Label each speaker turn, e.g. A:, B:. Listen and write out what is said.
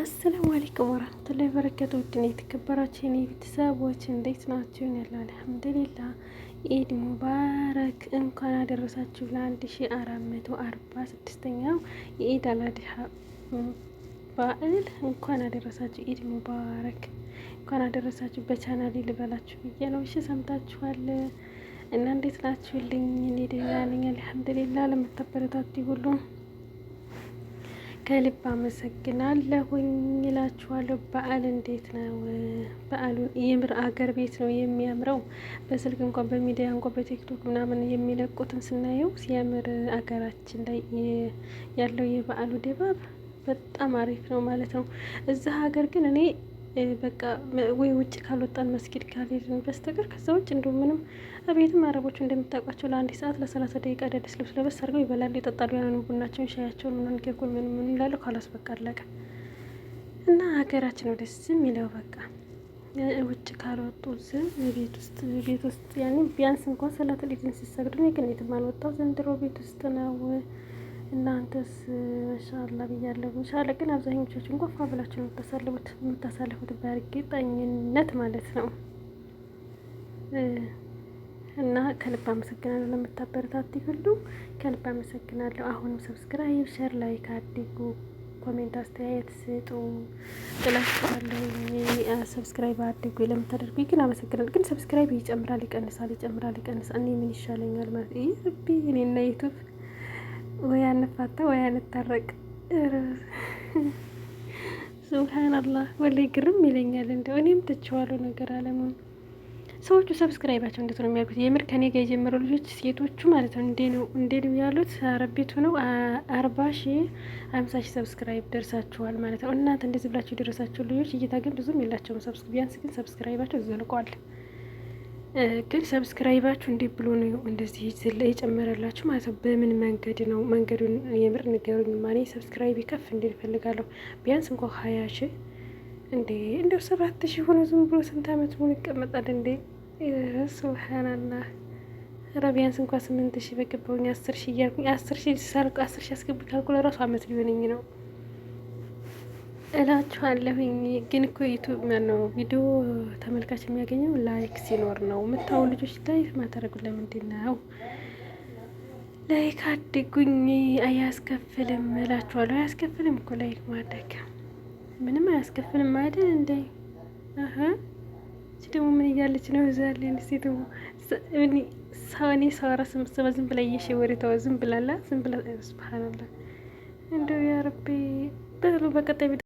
A: አሰላሙ አለይኩም ወራህመቱላሂ ወበረካቱ። ውድን የተከበራችሁ የኔ ቤተሰቦች እንዴት ናችሁ? ያለው አልሐምዱሊላህ። ኢድ ሙባረክ። እንኳን አደረሳችሁ ለአንድ ሺ አራት መቶ አርባ ስድስተኛው የኢድ አላድሃ በዓል እንኳን አደረሳችሁ። ኢድ ሙባረክ። እንኳን አደረሳችሁ በቻናሌ ልበላችሁ ብዬ ነው። እሺ ሰምታችኋል እና እንዴት ናችሁልኝ? እኔ ደህና ነኝ አልሐምዱሊላህ። ለምታበረታቱ ሁሉ ከልብ አመሰግናለሁኝ እላችኋለሁ። በዓል እንዴት ነው? በዓሉን የምር አገር ቤት ነው የሚያምረው። በስልክ እንኳን በሚዲያ እንኳን በቲክቶክ ምናምን የሚለቁትን ስናየው ሲያምር አገራችን ላይ ያለው የበዓሉ ድባብ በጣም አሪፍ ነው ማለት ነው። እዚህ ሀገር ግን እኔ በቃ ወይ ውጭ ካልወጣን መስጊድ ካልሄድን በስተቀር ከዛ ውጭ እንዲሁም ምንም ቤትም አረቦቹ እንደምታውቋቸው ለአንድ ሰዓት ለሰላሳ ደቂቃ አዳዲስ ልብስ ለበስ አድርገው ይበላሉ፣ ይጠጣሉ። ያንን ቡናቸውን፣ ሻያቸውን፣ ምናን ኬኩን ምን ምን ይላሉ። ካላስ በቃ አለቀ እና ሀገራችን ነው ደስ የሚለው በቃ ውጭ ካልወጡ ዝም ቤት ውስጥ ቤት ውስጥ ያኔ ቢያንስ እንኳን ሌትን ሲሰግዱ ግን የትም አልወጣው ዘንድሮ ቤት ውስጥ ነው። እናንተስ መሻላ ብያለሁ። መሻለ ግን አብዛኞቻችሁ እንኳ ፏ ብላችሁ ነው የምታሳልፉት የምታሳልፉት በእርግጠኝነት ማለት ነው። እና ከልብ አመሰግናለሁ ለምታበረታት ሁሉ ከልብ አመሰግናለሁ። አሁንም ሰብስክራይብ፣ ሸር፣ ላይክ አድጉ፣ ኮሜንት አስተያየት ስጡ ጥላችኋለሁ። ሰብስክራይብ አድጉ ለምታደርጉ ግን አመሰግናለሁ። ግን ሰብስክራይብ ይጨምራል፣ ይቀንሳል፣ ይጨምራል፣ ይቀንሳል። እኔ ምን ይሻለኛል ማለት ይህ እኔና ዩቱብ ወይ አንፋታ ወይ አንታረቅ። ሱብሃናላህ ወላሂ ግርም ይለኛል። እንደው እኔም ትችዋለሁ ነገር አለመሆኑ ሰዎቹ ሰብስክራይባቸው እንዴት ነው የሚያደርጉት? የምር ከኔ ጋር የጀመሩ ልጆች ሴቶቹ ማለት ነው እንዴ ነው እንዴ ነው ያሉት። አረብ ነው ሆነው አርባ ሺ ሀምሳ ሺ ሰብስክራይብ ደርሳችኋል ማለት ነው። እናንተ እንደዚህ ብላችሁ የደረሳችሁ ልጆች እይታ ግን ብዙም የላቸውም። ቢያንስ ግን ሰብስክራይባቸው ዘልቋል። ግን ሰብስክራይባችሁ እንዴት ብሎ ነው እንደዚህ ዝለ የጨመረላችሁ ማለት ነው? በምን መንገድ ነው? መንገዱን የምር ንገሩኝ። ማ ሰብስክራይብ ከፍ እንዲል ፈልጋለሁ። ቢያንስ እንኳ ሀያ ሺ እንዴ እንደው ሰባት ሺ ሆነ ዝም ብሎ ስንት አመት ሙሉ ይቀመጣል እንዴ? ስብሓናላ ኧረ ቢያንስ እንኳ ስምንት ሺ በገባውኝ አስር ሺ እያልኩኝ አስር ሺ ሳልቅ አስር ሺ አስገብ ካልኩ ለራሱ አመት ሊሆነኝ ነው። እላችኋለሁኝ። ግን እኮ ዩቱብ ነው ቪዲዮ ተመልካች የሚያገኘው ላይክ ሲኖር ነው። የምታው ልጆች ላይክ ማታረጉ ለምንድን ነው? ላይክ አድጉኝ። አያስከፍልም እላችኋለሁ። አያስከፍልም እኮ ላይክ ማድረግ ምንም አያስከፍልም አይደል እንደ አሀ እቺ ደግሞ ምን እያለች ነው? እዛለ ሴት ሰኔ ሰራ ስምስባ ዝም ብላ እየሸወሬ ተዋ ዝም ብላላ ዝም ብላ ስብሃናላ እንደው ያረቤ በሉ በቀጣይ